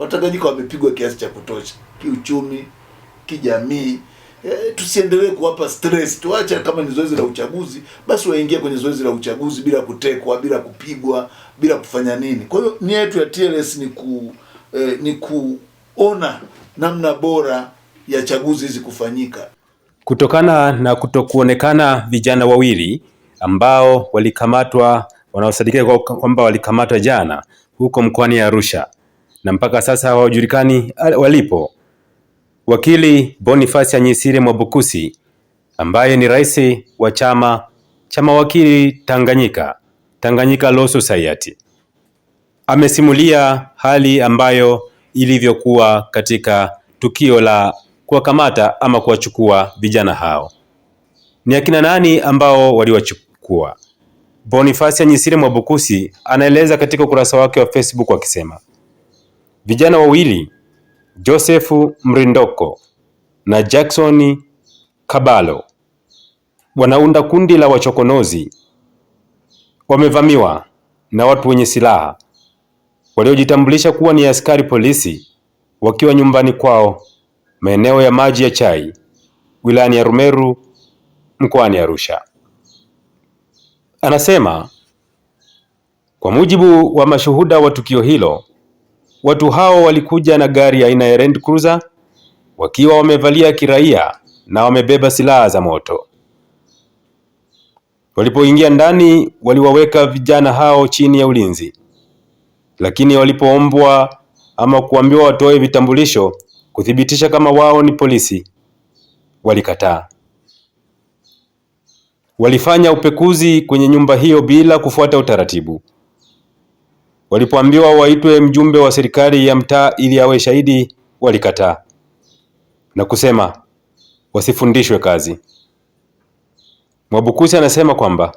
Watanganyika wamepigwa kiasi cha kutosha kiuchumi, kijamii. E, tusiendelee kuwapa stress, tuache. Kama ni zoezi la uchaguzi, basi waingie kwenye zoezi la uchaguzi bila kutekwa, bila kupigwa, bila kufanya nini. Kwa hiyo nia yetu ya TLS ni ku e, ni kuona namna bora ya chaguzi hizi kufanyika. Kutokana na kutokuonekana vijana wawili ambao walikamatwa, wanaosadikika kwamba walikamatwa jana huko mkoani Arusha na mpaka sasa hawajulikani walipo. Wakili Boniface Anyisire Mwabukusi ambaye ni rais wa chama cha mawakili Tanganyika, Tanganyika Law Society, amesimulia hali ambayo ilivyokuwa katika tukio la kuwakamata ama kuwachukua vijana hao. Ni akina nani ambao waliwachukua? Boniface Anyisire Mwabukusi anaeleza katika ukurasa wake wa Facebook akisema Vijana wawili Joseph Mrindoko na Jackson Kabalo wanaunda kundi la wachokonozi. Wamevamiwa na watu wenye silaha waliojitambulisha kuwa ni askari polisi wakiwa nyumbani kwao maeneo ya maji ya chai wilayani ya Rumeru mkoani Arusha. Anasema kwa mujibu wa mashuhuda wa tukio hilo Watu hao walikuja na gari aina ya Land Cruiser wakiwa wamevalia kiraia na wamebeba silaha za moto. Walipoingia ndani, waliwaweka vijana hao chini ya ulinzi, lakini walipoombwa ama kuambiwa watoe vitambulisho kuthibitisha kama wao ni polisi, walikataa. Walifanya upekuzi kwenye nyumba hiyo bila kufuata utaratibu. Walipoambiwa waitwe mjumbe wa serikali ya mtaa ili awe shahidi, walikataa na kusema wasifundishwe kazi. Mwabukusi anasema kwamba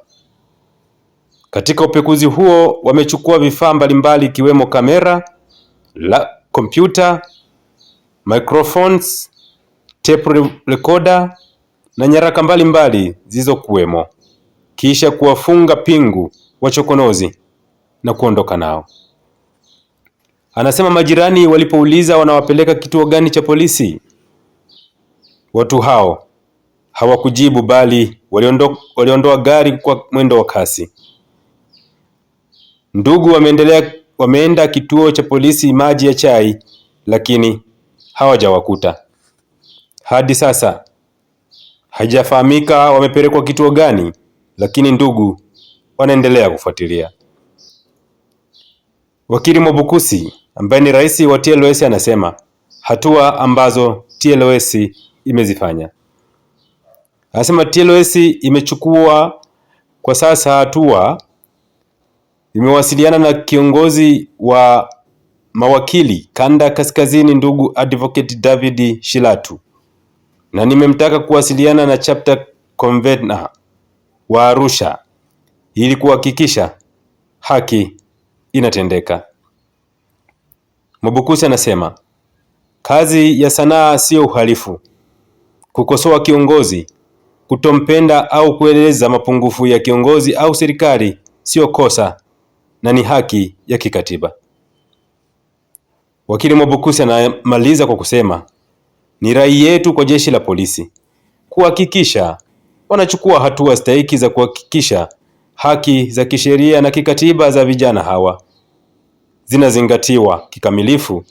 katika upekuzi huo wamechukua vifaa mbalimbali ikiwemo kamera, la kompyuta, microphones, tape recorder na nyaraka mbalimbali zilizokuwemo, kisha kuwafunga pingu wachokonozi na kuondoka nao. Anasema majirani walipouliza wanawapeleka kituo gani cha polisi, watu hao hawakujibu bali waliondoa gari kwa mwendo wa kasi. Ndugu wameendelea wameenda kituo cha polisi Maji ya Chai, lakini hawajawakuta hadi sasa. Haijafahamika wamepelekwa kituo gani, lakini ndugu wanaendelea kufuatilia. Wakili Mwabukusi ambaye ni rais wa TLS anasema hatua ambazo TLS imezifanya. Anasema TLS imechukua kwa sasa hatua, imewasiliana na kiongozi wa mawakili kanda kaskazini, ndugu advocate David Shilatu, na nimemtaka kuwasiliana na chapter convener wa Arusha ili kuhakikisha haki inatendeka. Mwabukusi anasema kazi ya sanaa siyo uhalifu. Kukosoa kiongozi, kutompenda au kueleza mapungufu ya kiongozi au serikali siyo kosa na ni haki ya kikatiba. Wakili Mwabukusi anamaliza kwa kusema ni rai yetu kwa jeshi la polisi kuhakikisha wanachukua hatua stahiki za kuhakikisha haki za kisheria na kikatiba za vijana hawa zinazingatiwa kikamilifu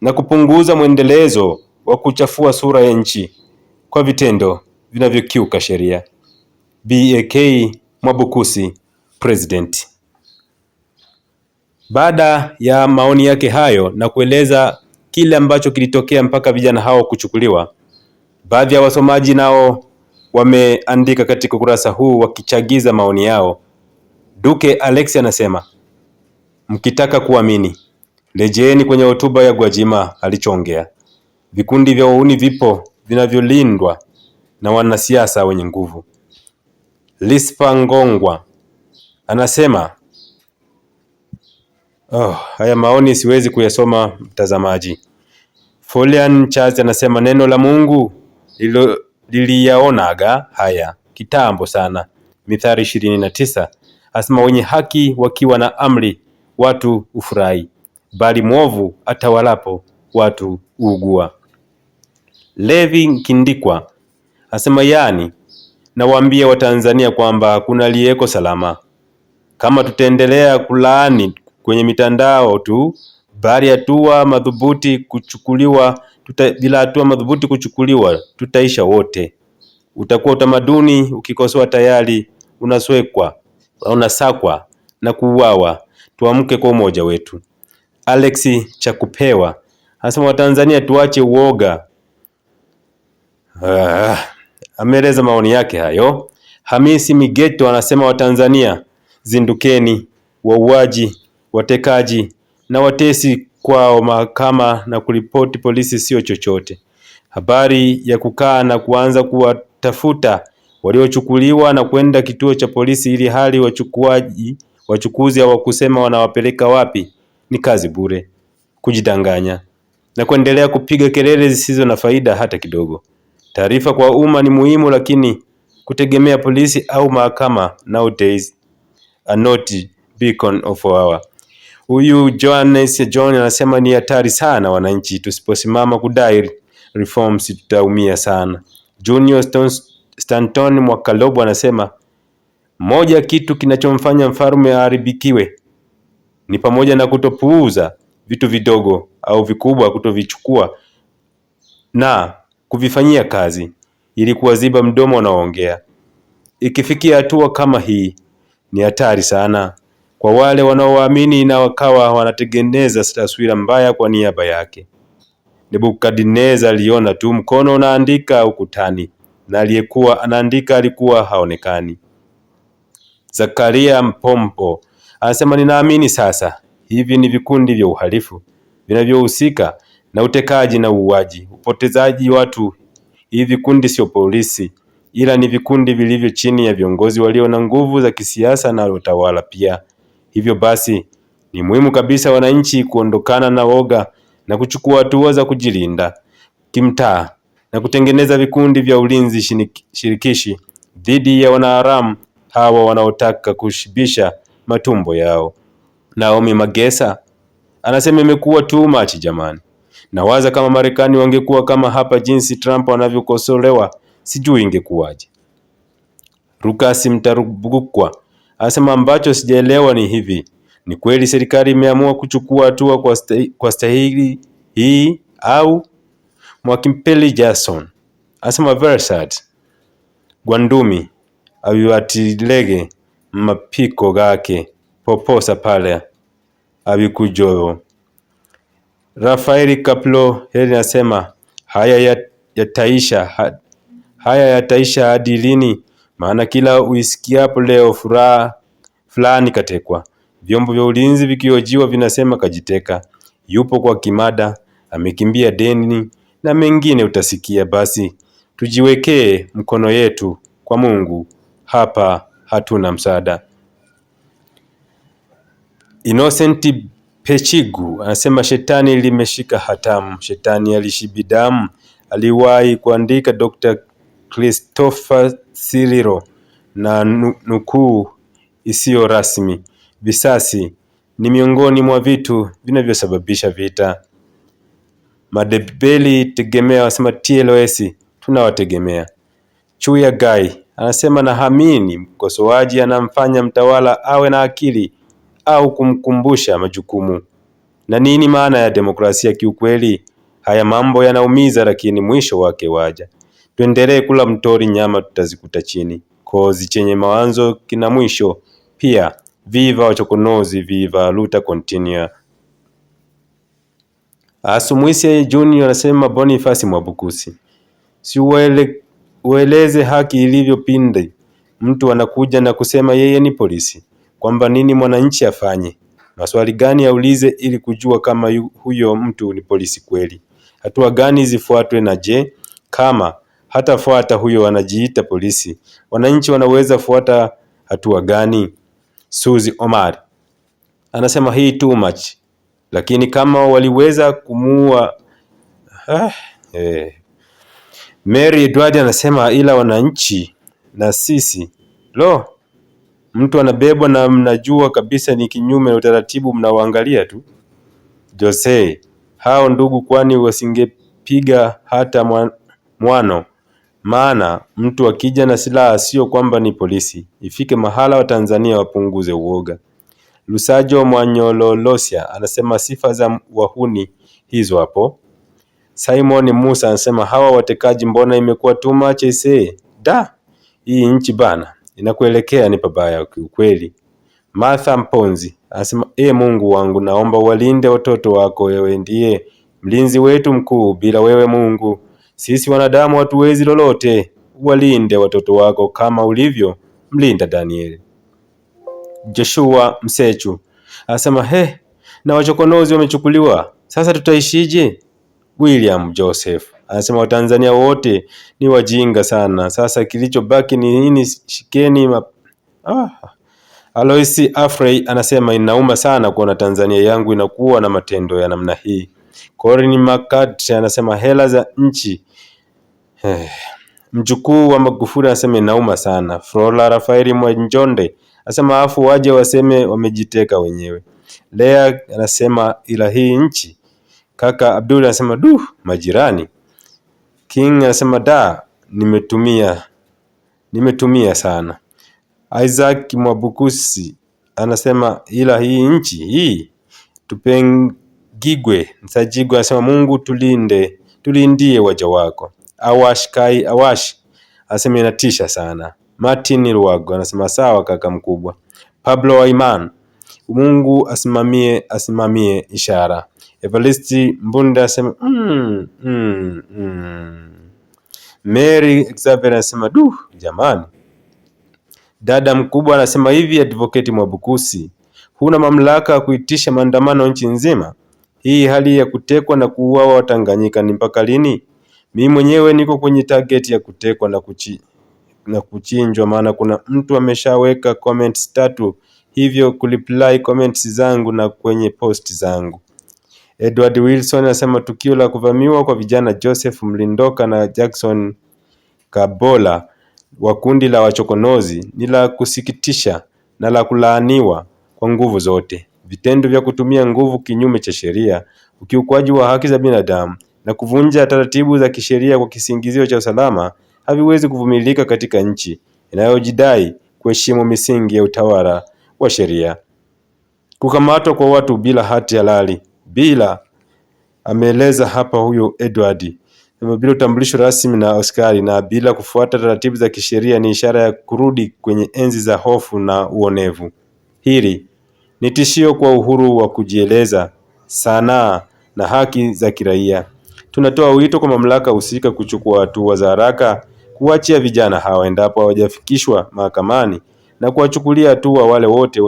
na kupunguza mwendelezo wa kuchafua sura ya nchi kwa vitendo vinavyokiuka sheria. BAK Mwabukusi, President. Baada ya maoni yake hayo na kueleza kile ambacho kilitokea mpaka vijana hao kuchukuliwa, baadhi ya wasomaji nao wameandika katika ukurasa huu wakichagiza maoni yao Duke Alexi anasema mkitaka kuamini, rejeeni kwenye hotuba ya Gwajima alichoongea. Vikundi vya wauni vipo vinavyolindwa na wanasiasa wenye nguvu. Lispa Ngongwa anasema oh, haya maoni siwezi kuyasoma mtazamaji. Folian Charles anasema neno la Mungu liliyaonaga haya kitambo sana, Mithali ishirini na tisa asema wenye haki wakiwa na amri watu ufurahi bali mwovu atawalapo watu uugua. Levi Kindikwa asema yaani, nawaambia Watanzania kwamba hakuna aliyeko salama. Kama tutaendelea kulaani kwenye mitandao tu, bali hatua madhubuti kuchukuliwa tuta, bila hatua madhubuti kuchukuliwa tutaisha wote. Utakuwa utamaduni ukikosoa tayari unaswekwa wanasakwa na kuuawa. Tuamke kwa umoja wetu. Alex Chakupewa anasema Watanzania tuache uoga. Ah, ameeleza maoni yake hayo. Hamisi Migeto anasema Watanzania zindukeni, wauaji, watekaji na watesi kwao mahakama na kuripoti polisi sio chochote. Habari ya kukaa na kuanza kuwatafuta waliochukuliwa na kwenda kituo cha polisi, ili hali wachukuaji wachukuzi hawakusema wanawapeleka wapi, ni kazi bure, kujidanganya na kuendelea kupiga kelele zisizo na faida hata kidogo. Taarifa kwa umma ni muhimu, lakini kutegemea polisi au mahakama nowadays are not beacon of our. Huyu Johannes John anasema ni hatari sana wananchi, tusiposimama kudai reforms tutaumia sana. Junior Stones Stanton Mwakalobo anasema moja kitu kinachomfanya mfalme aharibikiwe ni pamoja na kutopuuza vitu vidogo au vikubwa, kutovichukua na kuvifanyia kazi ili kuwaziba mdomo wanaoongea. Ikifikia hatua kama hii, ni hatari sana kwa wale wanaowaamini na wakawa wanatengeneza taswira mbaya kwa niaba yake. Nebukadneza aliona tu mkono unaandika ukutani, na aliyekuwa anaandika alikuwa haonekani. Zakaria Mpompo anasema ninaamini sasa hivi ni vikundi vya uhalifu vinavyohusika na utekaji na uuaji, upotezaji watu. Hivi vikundi sio polisi, ila ni vikundi vilivyo chini ya viongozi walio na nguvu za kisiasa na utawala pia. Hivyo basi ni muhimu kabisa wananchi kuondokana na woga na kuchukua hatua za kujilinda kimtaa na kutengeneza vikundi vya ulinzi shirikishi dhidi ya wanaharamu hawa wanaotaka kushibisha matumbo yao. Naomi Magesa anasema imekuwa too much jamani. Nawaza kama Marekani wangekuwa kama hapa jinsi Trump anavyokosolewa, sijui ingekuwaje. rukasi mtarubukwa anasema ambacho sijaelewa ni hivi, ni kweli serikali imeamua kuchukua hatua kwa stahili hii au Mwakimpeli Jason asema Versat Gwandumi abiwatilege mapiko gake poposa pale abikujoyo. Rafaeli Kaplo heli nasema haya yataisha had, haya yataisha hadi lini? Maana kila uisikiapo leo furaha fulani katekwa. Vyombo vya ulinzi vikiojiwa vinasema kajiteka, yupo kwa kimada, amekimbia deni na mengine utasikia. Basi tujiwekee mkono yetu kwa Mungu, hapa hatuna msaada. Innocent Pechigu anasema shetani limeshika hatamu, shetani alishibidamu. Aliwahi kuandika Dr. Christopher siliro na nukuu isiyo rasmi, visasi ni miongoni mwa vitu vinavyosababisha vita. Madebeli tegemea wanasema TLS tunawategemea. Chuya Gai anasema nahamini mkosoaji anamfanya mtawala awe na akili au kumkumbusha majukumu. Na nini maana ya demokrasia kiukweli? Haya mambo yanaumiza, lakini mwisho wake waja. Tuendelee kula mtori, nyama tutazikuta chini. Kozi chenye mawanzo kina mwisho pia. Viva wachokonozi, viva luta continue. Asumwisia Junior anasema Boniface Mwabukusi, si uele, ueleze haki ilivyopinde mtu anakuja na kusema yeye ni polisi, kwamba nini mwananchi afanye, maswali gani aulize ili kujua kama yu, huyo mtu ni polisi kweli, hatua gani zifuatwe, na je, kama hatafuata huyo anajiita polisi, wananchi wanaweza fuata hatua gani? Suzi Omar anasema hii too much lakini kama waliweza kumuua ah, eh. Mary Edward anasema ila wananchi na sisi lo, mtu anabebwa na mnajua kabisa ni kinyume na utaratibu, mnawaangalia tu. Jose, hao ndugu, kwani wasingepiga hata mwano? Maana mtu akija na silaha, sio kwamba ni polisi. Ifike mahala Watanzania wapunguze uoga. Lusajo mwanyololosia anasema sifa za wahuni hizo hapo. Simon Musa anasema hawa watekaji, mbona imekuwa too much aisee? Da, hii nchi bana inakuelekea ni pabaya kiukweli. Martha Mponzi anasema e, Mungu wangu, naomba walinde watoto wako, wewe ndiye mlinzi wetu mkuu. Bila wewe Mungu, sisi wanadamu hatuwezi lolote. Walinde watoto wako kama ulivyo mlinda Danieli. Joshua Msechu anasema he, na wachokonozi wamechukuliwa, sasa tutaishije? William Joseph anasema Watanzania wote ni wajinga sana, sasa kilichobaki ni nini? Shikeni ma... ah. Alois Afrey anasema inauma sana kuona Tanzania yangu inakuwa na matendo ya namna hii. Corin Makat anasema hela za nchi eh. Mjukuu wa Magufuli anasema inauma sana. Flora Rafaeli Mwenjonde Anasema afu waje waseme wamejiteka wenyewe. Lea anasema ila hii nchi. Kaka Abdul anasema du, majirani. King anasema da, nimetumia nimetumia sana. Isaac Mwabukusi anasema ila hii nchi hii tupengigwe. Nsajigwe anasema Mungu tulinde, tulindie waja wako. Awash Kai Awash anasema inatisha sana. Martin Lwago anasema sawa kaka mkubwa. Pablo Waiman, Mungu asimamie asimamie ishara. Evaristi Mbunda asema mm, mm, mm. Mary Xavier anasema du jamani. Dada mkubwa anasema hivi, advocate Mwabukusi, huna mamlaka ya kuitisha maandamano nchi nzima. Hii hali ya kutekwa na kuuawa Watanganyika ni mpaka lini? Mimi mwenyewe niko kwenye target ya kutekwa na kuchi na kuchinjwa, maana kuna mtu ameshaweka comments tatu hivyo kureply comments zangu na kwenye post zangu. Edward Wilson anasema tukio la kuvamiwa kwa vijana Joseph Mlindoka na Jackson Kabola wa kundi la wachokonozi ni la kusikitisha na la kulaaniwa kwa nguvu zote. Vitendo vya kutumia nguvu kinyume cha sheria, ukiukwaji wa haki za binadamu na kuvunja taratibu za kisheria kwa kisingizio cha usalama haviwezi kuvumilika katika nchi inayojidai kuheshimu misingi ya utawala wa sheria. Kukamatwa kwa watu bila hati halali bila ameeleza hapa huyo Edward bila utambulisho rasmi na askari na bila kufuata taratibu za kisheria ni ishara ya kurudi kwenye enzi za hofu na uonevu. Hili ni tishio kwa uhuru wa kujieleza, sanaa na haki za kiraia. Tunatoa wito kwa mamlaka husika kuchukua hatua za haraka kuachia vijana hawa endapo hawajafikishwa mahakamani na kuwachukulia hatua wale wote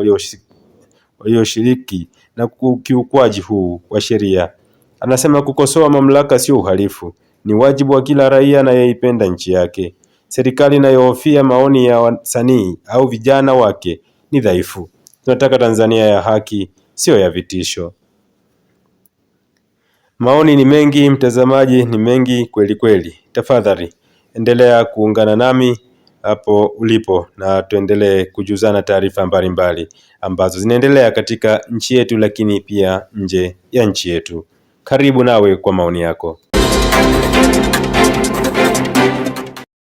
walioshiriki na ukiukwaji huu wa sheria. Anasema kukosoa mamlaka sio uhalifu, ni wajibu wa kila raia anayeipenda nchi yake. Serikali inayohofia maoni ya wasanii au vijana wake ni dhaifu. Tunataka Tanzania ya haki, siyo ya vitisho. Maoni ni mengi, mtazamaji, ni mengi kweli kweli. Tafadhali endelea kuungana nami hapo ulipo na tuendelee kujuzana taarifa mbalimbali ambazo zinaendelea katika nchi yetu, lakini pia nje ya nchi yetu. Karibu nawe kwa maoni yako.